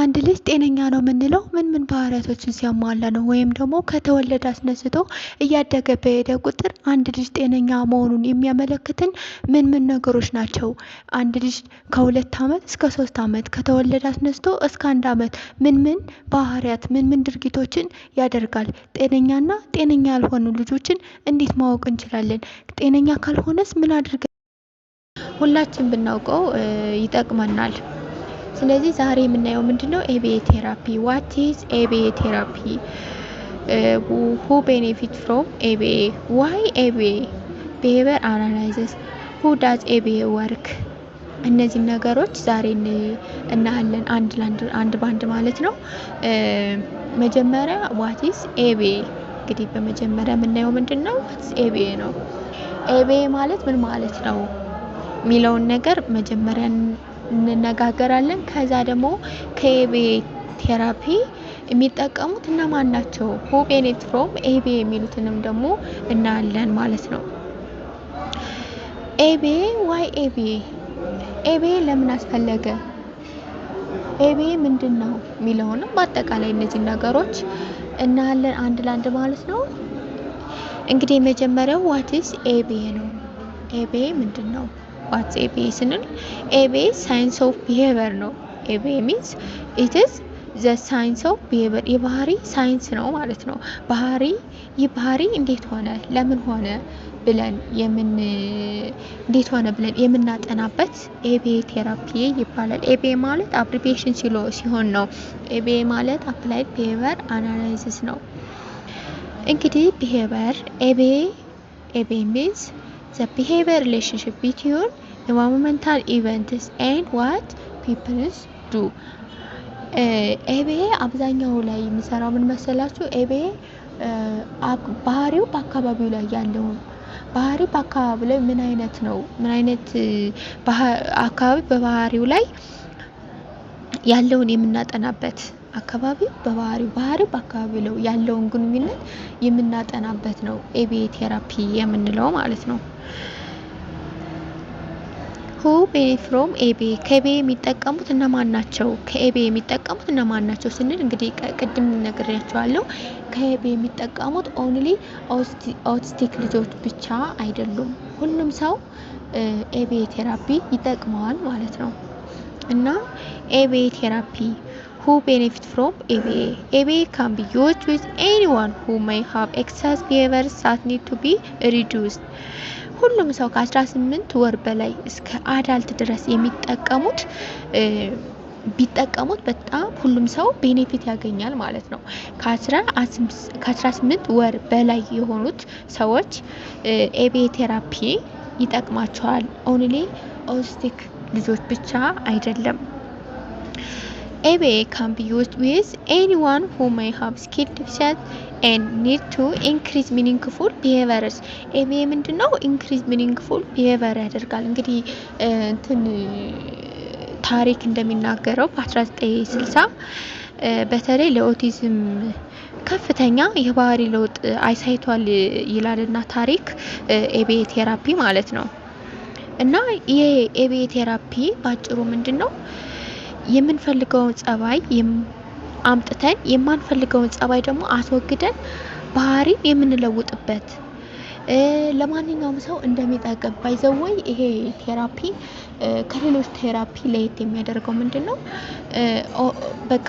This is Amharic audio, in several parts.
አንድ ልጅ ጤነኛ ነው የምንለው ምን ምን ባህሪያቶችን ሲያሟላ ነው? ወይም ደግሞ ከተወለደ አስነስቶ እያደገ በሄደ ቁጥር አንድ ልጅ ጤነኛ መሆኑን የሚያመለክትን ምን ምን ነገሮች ናቸው? አንድ ልጅ ከሁለት ዓመት እስከ ሶስት ዓመት ከተወለደ አስነስቶ እስከ አንድ ዓመት ምን ምን ባህሪያት ምን ምን ድርጊቶችን ያደርጋል? ጤነኛና ጤነኛ ያልሆኑ ልጆችን እንዴት ማወቅ እንችላለን? ጤነኛ ካልሆነስ ምን አድርገ ሁላችን ብናውቀው ይጠቅመናል። ስለዚህ ዛሬ የምናየው ምንድነው ነው ኤቢኤ ቴራፒ። ዋት ኢዝ ኤቢኤ ቴራፒ? ሁ ቤኔፊት ፍሮም ኤቢኤ? ዋይ ኤቢኤ? ቢሄቨር አናላይዘስ ሁ ዳዝ ኤቢኤ ወርክ እነዚህ ነገሮች ዛሬ እናያለን። አንድ አንድ ባንድ ማለት ነው። መጀመሪያ ዋቲስ ኤቢኤ እንግዲህ በመጀመሪያ የምናየው ምንድን ነው ዋትስ ኤቢኤ ነው። ኤቢኤ ማለት ምን ማለት ነው የሚለውን ነገር መጀመሪያ እንነጋገራለን። ከዛ ደግሞ ከኤቤ ቴራፒ የሚጠቀሙት እነማን ናቸው? ሁ ቤኔት ፍሮም ኤቤ የሚሉትንም ደግሞ እናያለን ማለት ነው። ኤቤ ዋይ ኤቤ ኤቤ ለምን አስፈለገ? ኤቤ ምንድን ነው የሚለውንም በአጠቃላይ እነዚህ ነገሮች እናያለን አንድ ለአንድ ማለት ነው። እንግዲህ የመጀመሪያው ዋትስ ኤቤ ነው። ኤቤ ምንድን ነው? ዋትስ ኤቢኤ ስንል ኤቢኤ ሳይንስ ኦፍ ቢሄቨር ነው። ኤቢኤ ሚንስ ኢትስ ዘ ሳይንስ ኦፍ ቢሄቨር የባህሪ ሳይንስ ነው ማለት ነው። ባህሪ ይህ ባህሪ እንዴት ሆነ፣ ለምን ሆነ ብለን የምን እንዴት ሆነ ብለን የምናጠናበት ኤቢኤ ቴራፒ ይባላል። ኤቢኤ ማለት አብሪቤሽን ሲሆን ነው። ኤቢኤ ማለት አፕላይድ ቢሄቨር አናላይዝስ ነው። እንግዲህ ቢሄቨር ኤቢኤ ኤቢኤ ሚንስ the behavior relationship between environmental events and what people do ኤቢኤ uh, አብዛኛው ላይ የሚሰራው ምን መሰላችሁ? ኤቢኤ uh, ባህሪው በአካባቢው ላይ ያለው ባህሪ በአካባቢው ላይ ምን አይነት ነው? ምን አይነት uh, አካባቢ በባህሪው ላይ ያለውን የምናጠናበት አካባቢ በባህሪው ባህሪው በአካባቢው ላይ ያለውን ግንኙነት የምናጠናበት ነው ኤቢኤ ቴራፒ የምንለው ማለት ነው። ሁ ፍሮም ኤቤ ከኤቤ የሚጠቀሙት እነማን ናቸው? ከኤቤ የሚጠቀሙት እነማን ናቸው ስንል እንግዲህ ቅድም ነግሬያቸዋለሁ። ከኤቤ የሚጠቀሙት ኦንሊ ኦቲስቲክ ልጆች ብቻ አይደሉም። ሁሉም ሰው ኤቤ ቴራፒ ይጠቅመዋል ማለት ነው እና ኤቤ ቴራፒ ሁ ቤኔፊት ፍሮም ኤቤ ኤቤ ካን ቢ ዩዝድ ዊዝ ኤኒዋን ሁ ማይ have ኤክሰስ behaviors that ኒድ ቱ ቢ reduced. ሁሉም ሰው ከ18 ወር በላይ እስከ አዳልት ድረስ የሚጠቀሙት ቢጠቀሙት በጣም ሁሉም ሰው ቤኔፊት ያገኛል ማለት ነው። ከ18 ወር በላይ የሆኑት ሰዎች ኤቤ ቴራፒ ይጠቅማቸዋል። ኦንሊ ኦስቲክ ልጆች ብቻ አይደለም። ኤቤ ካን ቢ ዊዝ ኤኒዋን ሁ ሜይ ሃቭ ስኪል ዲፊሸንሲ ኤንድ ኒድ ቱ ኢንክሪዝ ሚኒንግፉል ቢሄቨርስ ኤ ቢ ምንድን ነው? ኢንክሪዝ ሚኒንግፉል ቢሄቨር ያደርጋል። እንግዲህ እንትን ታሪክ እንደሚናገረው በ1960 በተለይ ለኦቲዝም ከፍተኛ የባህሪ ለውጥ አይሳይቷል ይላልና ታሪክ ኤቢኤ ቴራፒ ማለት ነው። እና ይሄ ኤቢኤ ቴራፒ ባጭሩ ምንድን ነው የምንፈልገውን ጸባይ አምጥተን የማንፈልገውን ጸባይ ደግሞ አስወግደን ባህሪ የምንለውጥበት ለማንኛውም ሰው እንደሚጠቅም ባይዘወይ ይሄ ቴራፒ ከሌሎች ቴራፒ ለየት የሚያደርገው ምንድን ነው? በቃ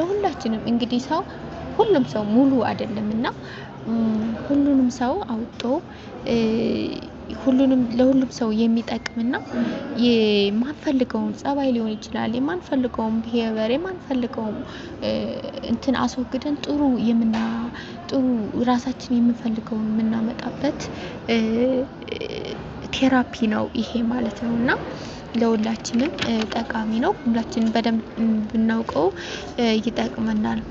ለሁላችንም እንግዲህ ሰው ሁሉም ሰው ሙሉ አይደለም እና ሁሉንም ሰው አውጦ ሁሉንም ለሁሉም ሰው የሚጠቅምና የማንፈልገውን ጸባይ ሊሆን ይችላል፣ የማንፈልገውን ብሄበር፣ የማንፈልገውን እንትን አስወግደን ጥሩ የምና ጥሩ ራሳችን የምንፈልገውን የምናመጣበት ቴራፒ ነው ይሄ ማለት ነው እና ለሁላችንም ጠቃሚ ነው። ሁላችንም በደንብ ብናውቀው ይጠቅመናል።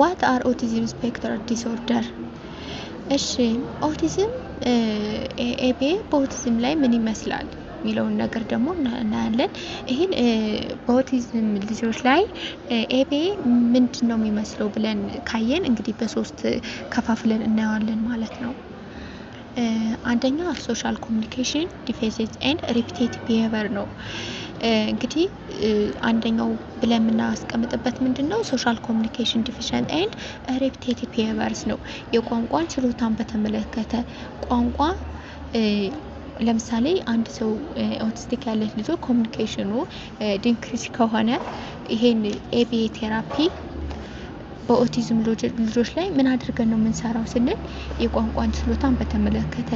ዋት አር ኦቲዝም ስፔክትር ዲስኦርደር? እሺ ኦቲዝም ኤቤ በኦቲዝም ላይ ምን ይመስላል የሚለውን ነገር ደግሞ እናያለን። ይህን በኦቲዝም ልጆች ላይ ኤቤ ምንድን ነው የሚመስለው ብለን ካየን እንግዲህ በሶስት ከፋፍለን እናየዋለን ማለት ነው። አንደኛ ሶሻል ኮሚኒኬሽን ዲፌሲት ኤንድ ሪፒቴቲቭ ቢሄቨር ነው። እንግዲህ አንደኛው ብለን የምናስቀምጥበት ምንድን ነው ሶሻል ኮሚኒኬሽን ዲፊሽንት ኤንድ ሪፕቴቲቭ ቢሄቨርስ ነው። የቋንቋን ችሎታን በተመለከተ ቋንቋ ለምሳሌ አንድ ሰው ኦቲስቲክ ያለ ልጆ ኮሚኒኬሽኑ ዲንክሪስ ከሆነ ይሄን ኤቢኤ ቴራፒ በኦቲዝም ልጆች ላይ ምን አድርገን ነው የምንሰራው ስንል የቋንቋን ችሎታን በተመለከተ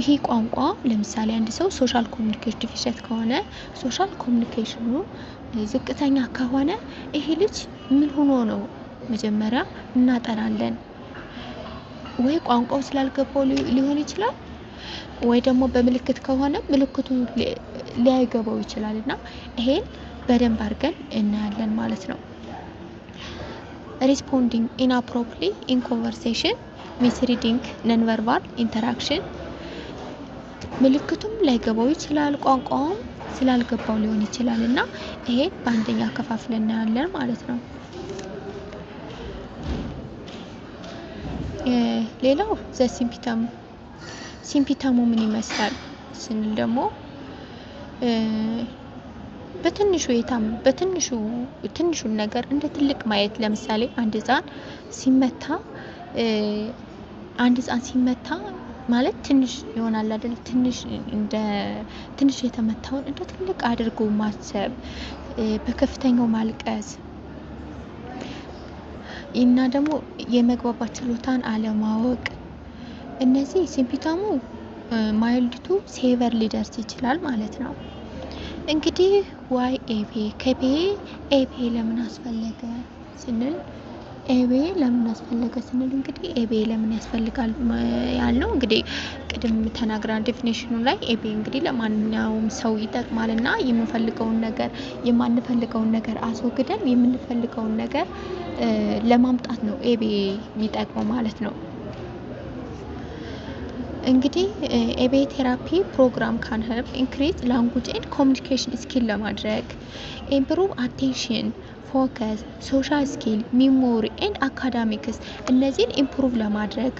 ይሄ ቋንቋ ለምሳሌ አንድ ሰው ሶሻል ኮሚኒኬሽን ዲፊሸት ከሆነ ሶሻል ኮሚኒኬሽኑ ዝቅተኛ ከሆነ ይሄ ልጅ ምን ሆኖ ነው መጀመሪያ እናጠናለን። ወይ ቋንቋው ስላልገባው ሊሆን ይችላል፣ ወይ ደግሞ በምልክት ከሆነ ምልክቱ ሊያይገባው ይችላል እና ይሄን በደንብ አድርገን እናያለን ማለት ነው። ሪስፖንዲንግ ኢናፕሮፕሊ ኢን ኮንቨርሴሽን ሚስሪዲንግ ነንቨርባል ኢንተራክሽን ምልክቱም ላይገባው ይችላል፣ ቋንቋውም ስላልገባው ሊሆን ይችላል እና ይሄ በአንደኛ ከፋፍለን እናያለን ማለት ነው። ሌላው ዘ ሲምፒተሙ ምን ይመስላል ስንል ደግሞ በትንሹ የታም በትንሹ ትንሹን ነገር እንደ ትልቅ ማየት ለምሳሌ አንድ ህጻን ሲመታ አንድ ህፃን ሲመታ ማለት ትንሽ ይሆናል አይደል? ትንሽ እንደ ትንሽ የተመታውን እንደ ትልቅ አድርጎ ማሰብ፣ በከፍተኛው ማልቀስ እና ደግሞ የመግባባት ችሎታን አለማወቅ፣ እነዚህ ሲምፒተሙ ማይልድቱ ሴቨር ሊደርስ ይችላል ማለት ነው። እንግዲህ ዋይ ኤፒ ከፔ ኤፔ ለምን አስፈለገ ስንል ኤቤ ለምን አስፈለገ ስንል እንግዲህ ኤቤ ለምን ያስፈልጋል ያልነው እንግዲህ ቅድም ተናግራ ዴፊኔሽኑ ላይ ኤቤ እንግዲህ ለማንኛውም ሰው ይጠቅማል እና የምንፈልገውን ነገር የማንፈልገውን ነገር አስወግደን የምንፈልገውን ነገር ለማምጣት ነው ኤቤ የሚጠቅመው ማለት ነው። እንግዲህ ኤቤ ቴራፒ ፕሮግራም ካን ሄልፕ ኢንክሪዝ ላንጉጅ ኤንድ ኮሚኒኬሽን ስኪል ለማድረግ ኢምፕሩቭ አቴንሽን ፎከስ፣ ሶሻል ስኪል፣ ሚሞሪ ኤንድ አካዳሚክስ እነዚህን ኢምፕሩቭ ለማድረግ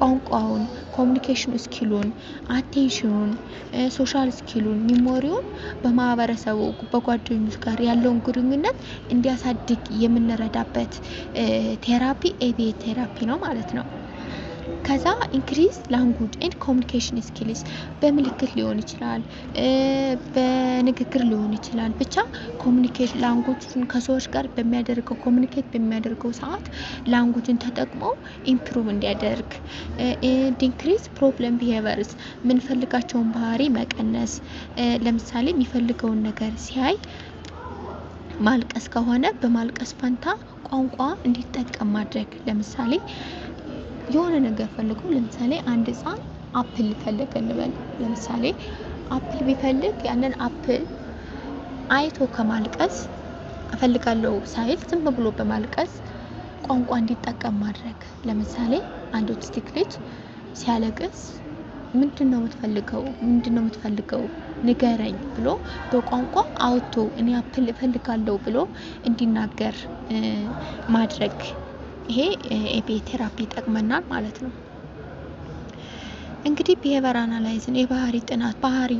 ቋንቋውን፣ ኮሚኒኬሽን ስኪሉን፣ አቴንሽኑን፣ ሶሻል ስኪሉን፣ ሚሞሪውን በማህበረሰቡ በጓደኞች ጋር ያለውን ግንኙነት እንዲያሳድግ የምንረዳበት ቴራፒ ኤቢኤ ቴራፒ ነው ማለት ነው። ከዛ ኢንክሪዝ ላንጉጅ ኤንድ ኮሚኒኬሽን ስኪልስ በምልክት ሊሆን ይችላል፣ በንግግር ሊሆን ይችላል። ብቻ ኮሚኒኬሽን ላንጉጅን ከሰዎች ጋር በሚያደርገው ኮሚኒኬት በሚያደርገው ሰዓት ላንጉጅን ተጠቅሞ ኢምፕሩቭ እንዲያደርግ ዲንክሪዝ ፕሮብለም ቢሄቨርስ የምንፈልጋቸውን ባህሪ መቀነስ። ለምሳሌ የሚፈልገውን ነገር ሲያይ ማልቀስ ከሆነ በማልቀስ ፈንታ ቋንቋ እንዲጠቀም ማድረግ ለምሳሌ የሆነ ነገር ፈልጎ ለምሳሌ አንድ ህፃን አፕል ፈልግ እንበል። ለምሳሌ አፕል ቢፈልግ ያንን አፕል አይቶ ከማልቀስ እፈልጋለሁ ሳይል ዝም ብሎ በማልቀስ ቋንቋ እንዲጠቀም ማድረግ። ለምሳሌ አንድ ኦቲስቲክ ልጅ ሲያለቅስ ምንድን ነው የምትፈልገው? ምንድን ነው የምትፈልገው? ንገረኝ ብሎ በቋንቋ አውቶ እኔ አፕል እፈልጋለሁ ብሎ እንዲናገር ማድረግ ይሄ የቤት ቴራፒ ይጠቅመናል ማለት ነው። እንግዲህ ቢሄቨር አናላይዝን የባህሪ ጥናት ባህሪ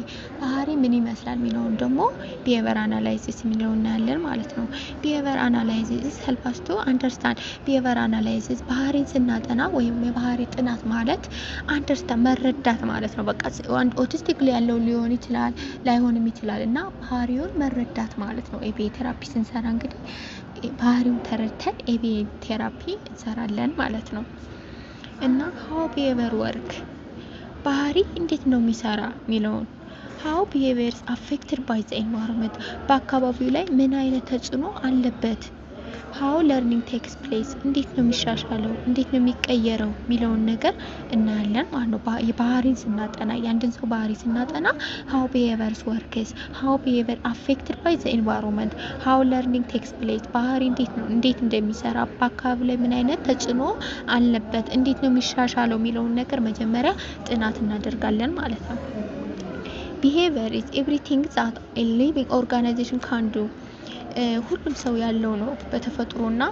ባህሪ ምን ይመስላል የሚለውን ደግሞ ቢሄቨር አናላይዝስ የሚለውን እናያለን ማለት ነው። ቢሄቨር አናላይዝስ ሄልፕስ ቱ አንደርስታንድ ቢሄቨር አናላይዝስ ባህሪን ስናጠና ወይም የባህሪ ጥናት ማለት አንደርስታንድ መረዳት ማለት ነው። በቃ ኦቲስቲክ ያለው ሊሆን ይችላል ላይሆንም ይችላል እና ባህሪውን መረዳት ማለት ነው። ኤቢኤ ቴራፒ ስንሰራ እንግዲህ ባህሪውን ተረድተን ኤቢኤ ቴራፒ እንሰራለን ማለት ነው እና ሀው ቢሄቨር ወርክ ባህሪ እንዴት ነው የሚሰራ የሚለውን ሀው ቢሄቪየርስ አፌክትድ ባይ ዘ ኤንቫይሮንመንት በአካባቢው ላይ ምን አይነት ተጽዕኖ አለበት ሀው ለርኒንግ ቴክስ ፕሌስ እንዴት ነው የሚሻሻለው፣ እንዴት ነው የሚቀየረው የሚለውን ነገር እናያለን ማለት ነው። ባህሪን ስናጠና የአንድን ሰው ባህሪ ስናጠና ሀው ብሄቨርስ ወርክስ ሀው ብሄቨር አፌክትድ ባይ ዘ ኤንቫይሮንመንት ሀው ለርኒንግ ቴክስ ፕሌስ ባህሪ እንዴት ነው እንዴት እንደሚሰራ በአካባቢ ላይ ምን አይነት ተጽዕኖ አለበት፣ እንዴት ነው የሚሻሻለው የሚለውን ነገር መጀመሪያ ጥናት እናደርጋለን ማለት ነው። ቢሄቨር ኢዝ ኤቭሪቲንግ ዛት ኤ ሊቪንግ ኦርጋናይዜሽን ካን ዱ ሁሉም ሰው ያለው ነው በተፈጥሮና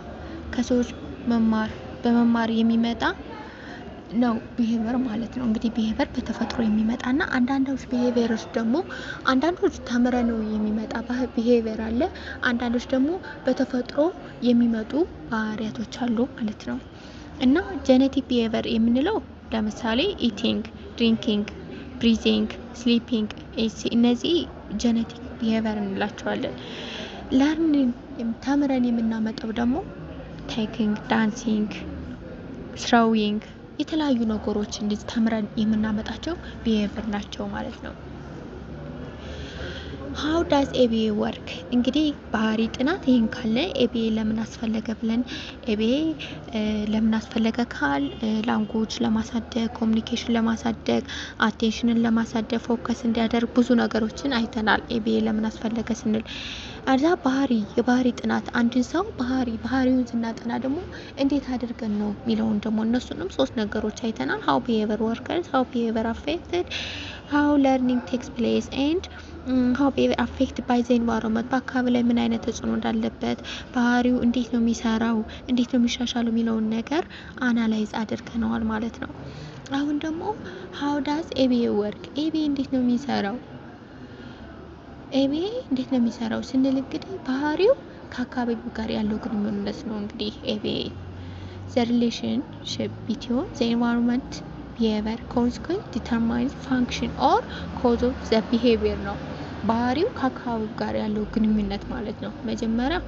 ከሰዎች መማር በመማር የሚመጣ ነው ቢሄቨር ማለት ነው። እንግዲህ ቢሄቨር በተፈጥሮ እና አንዳንዶች ቢሄቨሮች ደግሞ አንዳንዶች ተምረ ነው የሚመጣ ቢሄቨር አለ። አንዳንዶች ደግሞ በተፈጥሮ የሚመጡ ባህሪያቶች አሉ ማለት ነው። እና ጀኔቲክ ቢሄቨር የምንለው ለምሳሌ ኢቲንግ፣ ድሪንኪንግ፣ ብሪዚንግ፣ ስሊፒንግ እነዚህ ጀኔቲክ ቢሄቨር እንላቸዋለን። ለርኒንግ ተምረን የምናመጣው ደግሞ ታይኪንግ፣ ዳንሲንግ፣ ስራዊንግ የተለያዩ ነገሮች እንዲህ ተምረን የምናመጣቸው ቢሄቨር ናቸው ማለት ነው። ሀው ዳዝ ኤቢኤ ወርክ እንግዲህ ባህሪ ጥናት ይህን ካለ ኤቢኤ ለምን አስፈለገ ብለን ኤቢኤ ለምን አስፈለገ ካል ላንጉጅ ለማሳደግ ኮሚኒኬሽን ለማሳደግ አቴንሽንን ለማሳደግ ፎከስ እንዲያደርግ ብዙ ነገሮችን አይተናል። ኤቢኤ ለምን አስፈለገ ስንል አዛ ባህሪ የባህሪ ጥናት አንድን ሰው ባህሪ ባህሪውን ስናጠና ደግሞ እንዴት አድርገን ነው የሚለውን ደግሞ እነሱንም ሶስት ነገሮች አይተናል። ሀው ቢሄቨር ወርከርስ ሀው ቢሄቨር አፌክትድ ሀው ለርኒንግ ቴክስ ፕሌስ ኤንድ ሀው አፌክት ባይ ዘ ኤንቫይሮመንት በአካባቢ ላይ ምን አይነት ተጽዕኖ እንዳለበት ባህሪው እንዴት ነው የሚሰራው፣ እንዴት ነው የሚሻሻለው የሚለውን ነገር አናላይዝ አድርገነዋል ማለት ነው። አሁን ደግሞ ሀው ዳስ ኤቤ ወርክ፣ ኤቤ እንዴት ነው የሚሰራው፣ ኤቤ እንዴት ነው የሚሰራው ስንል እንግዲህ ባህሪው ከአካባቢው ጋር ያለው ግንኙነት ነው። እንግዲህ ኤቤ ዘ ሪሌሽንሽፕ ቢትዮን ዘ ኤንቫይሮመንት የቨር ኮንስኮን ዲተርማይን ፋንክሽን ኦር ኮዝ ኦፍ ዘ ቢሄቪየር ነው። ባህሪው ከአካባቢው ጋር ያለው ግንኙነት ማለት ነው። መጀመሪያ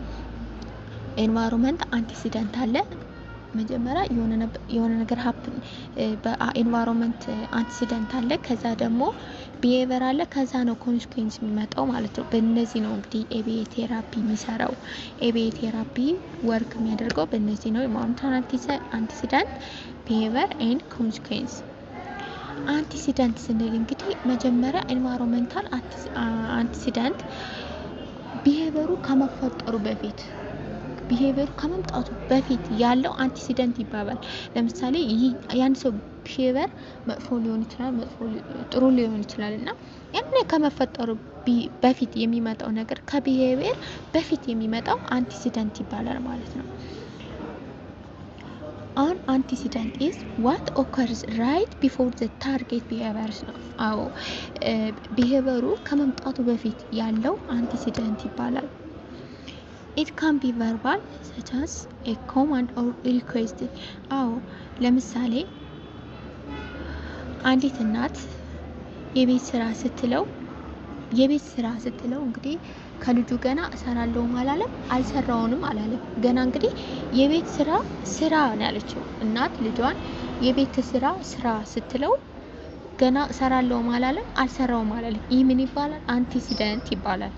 ኤንቫይሮንመንት አንቲሲደንት አለ መጀመሪያ የሆነ ነገር ሀፕን በኤንቫይሮንመንት አንሲደንት አለ፣ ከዛ ደግሞ ቢሄቨር አለ፣ ከዛ ነው ኮንስኩዌንስ የሚመጣው ማለት ነው። በእነዚህ ነው እንግዲህ ኤቢኤ ቴራፒ የሚሰራው። ኤቢኤ ቴራፒ ወርክ የሚያደርገው በእነዚህ ነው። የማውንታን አንቲሲደንት፣ ቢሄቨር ኤንድ ኮንስኩዌንስ አንቲሲደንት ስንል እንግዲህ መጀመሪያ ኤንቫይሮንመንታል አንቲሲደንት ቢሄቨሩ ከመፈጠሩ በፊት ቢሄቨሩ ከመምጣቱ በፊት ያለው አንቲሲደንት ይባባል። ለምሳሌ የአንድ ሰው ቢሄቨር መጥፎ ሊሆን ይችላል፣ መጥፎ ጥሩ ሊሆን ይችላል እና ያን ከመፈጠሩ በፊት የሚመጣው ነገር ከቢሄቨር በፊት የሚመጣው አንቲሲደንት ይባላል ማለት ነው። አን አንቲሲደንት ኢዝ ዋት ኦከርስ ራይት ቢፎር ዘ ታርጌት ቢሄቨርስ ነው። አዎ ቢሄቨሩ ከመምጣቱ በፊት ያለው አንቲሲደንት ይባላል። ኢት ካን ቢ ቨርባል ሰቻስ ኤ ኮማንድ ኦር ሪኩዌስት። አዎ ለምሳሌ አንዲት እናት የቤት ስራ ስትለው የቤት ስራ ስትለው እንግዲህ ከልጁ ገና እሰራለሁም አላለም አልሰራውንም አላለም። ገና እንግዲህ የቤት ስራ ስራ ነው ያለችው እናት ልጇን የቤት ስራ ስራ ስትለው ገና እሰራለሁም አላለም አልሰራውም አላለም። ይህ ምን ይባላል? አንቲሲደንት ይባላል።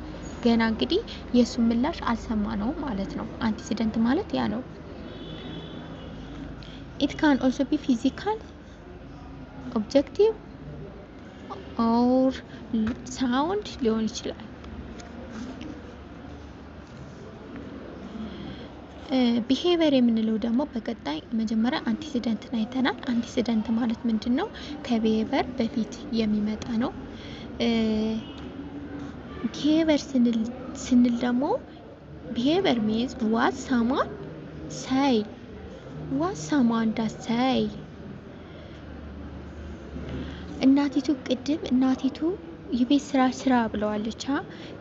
ገና እንግዲህ የእሱን ምላሽ አልሰማ ነው ማለት ነው። አንቲሲደንት ማለት ያ ነው። ኢት ካን ኦልሶ ቢ ፊዚካል ኦብጀክቲቭ ኦር ሳውንድ ሊሆን ይችላል። ቢሄቨር የምንለው ደግሞ በቀጣይ መጀመሪያ አንቲሲደንትን አይተናል። አንቲሲደንት ማለት ምንድን ነው? ከቢሄቨር በፊት የሚመጣ ነው። ቢሄቨር ስንል ደግሞ ቢሄቨር ሚንስ ዋት ሳማን ሳይ ዋት ሳማን ዳዝ ሳይ። እናቲቱ ቅድም እናቲቱ የቤት ስራ ስራ ብለዋለች።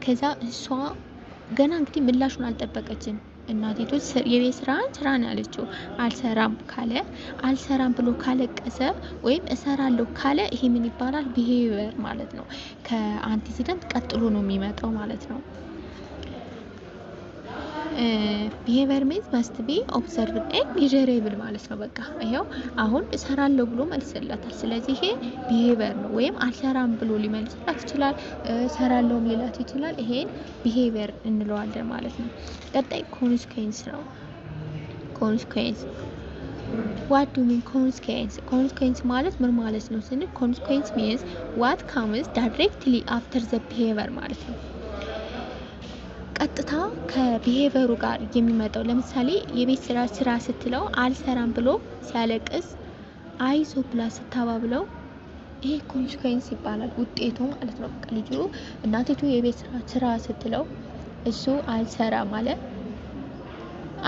ከዛ እሷ ገና እንግዲህ ምላሹን አልጠበቀችም። እናቲቱስ የቤት ስራን ስራ ነው ያለችው። አልሰራም ካለ አልሰራም ብሎ ካለቀሰ ወይም እሰራለሁ ካለ ይሄ ምን ይባላል? ቢሄቨር ማለት ነው። ከአንቲሲደንት ቀጥሎ ነው የሚመጣው ማለት ነው። ቢሄቨር ሜዝ ማስት ቢ ኦብዘርቭድ ኤን ሚዥሬብል ማለት ነው። በቃ ይኸው አሁን እሰራለሁ ብሎ መልስላታል። ስለዚህ ይሄ ቢሄቨር ነው። ወይም አልሰራም ብሎ ሊመልስላት ይችላል፣ እሰራለሁም ሊላት ይችላል። ይሄን ቢሄቨር እንለዋለን ማለት ነው። ቀጣይ ኮንስኩዌንስ ነው። ኮንስኩዌንስ ዋት ዱ ሚን ኮንስኩዌንስ ኮንስኩዌንስ ማለት ምን ማለት ነው ስንል ኮንስኩዌንስ ሚንስ ዋት ካምስ ዳይሬክትሊ አፍተር ዘ ቢሄቨር ማለት ነው። ቀጥታ ከቢሄቨሩ ጋር የሚመጣው ለምሳሌ የቤት ስራ ስራ ስትለው አልሰራም ብሎ ሲያለቅስ አይዞ ብላ ስታባብለው ይሄ ኮንሲኩዌንስ ይባላል። ውጤቱ ማለት ነው። በቃ ልጁ እናቲቱ የቤት ስራ ስራ ስትለው እሱ አልሰራ ማለ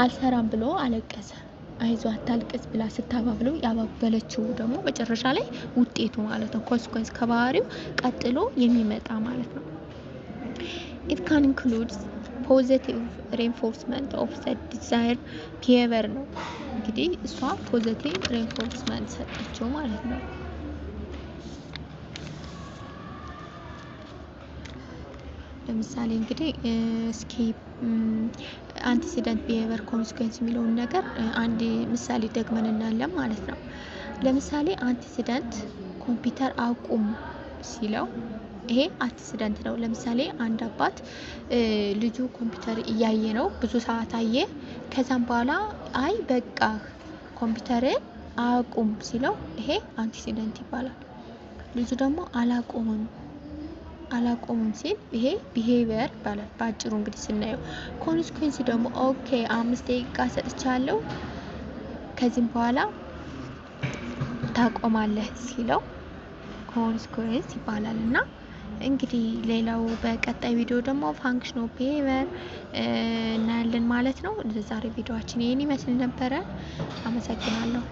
አልሰራም ብሎ አለቀሰ። አይዞ አታልቅስ ብላ ስታባብለው ያባበለችው ደግሞ መጨረሻ ላይ ውጤቱ ማለት ነው። ኮንሲኩዌንስ ከባህሪው ቀጥሎ የሚመጣ ማለት ነው። ኢት ካን ኢንክሉድስ ፖዘቲቭ ሬንፎርስመንት ኦፍ ዘ ዲዛይር ቢሄቨር ነው። እንግዲህ እሷ ፖዘቲቭ ሬንፎርስመንት ሰጠችው ማለት ነው። ለምሳሌ እንግዲህ እስኪ አንቲሲደንት ቢሄቨር ኮንሲኩዌንስ የሚለውን ነገር አንድ ምሳሌ ደግመን እናለን ማለት ነው። ለምሳሌ አንቲሲደንት ኮምፒውተር አቁም ሲለው ይሄ አክሲደንት ነው። ለምሳሌ አንድ አባት ልጁ ኮምፒውተር እያየ ነው፣ ብዙ ሰዓት አየ። ከዛም በኋላ አይ በቃ ኮምፒውተርን አቁም ሲለው ይሄ አክሲደንት ይባላል። ልጁ ደግሞ አላቆምም አላቆምም ሲል ይሄ ቢሄቪየር ይባላል። በአጭሩ እንግዲህ ስናየው ኮንስኩንስ ደግሞ ኦኬ አምስት ደቂቃ ሰጥቻለሁ ከዚህም በኋላ ታቆማለህ ሲለው ኮንስኩንስ ይባላል እና እንግዲህ ሌላው በቀጣይ ቪዲዮ ደግሞ ፋንክሽን ኦፍ ቢሄቨር እናያለን ማለት ነው። ዛሬ ቪዲዮችን ይህን ይመስል ነበረ። አመሰግናለሁ።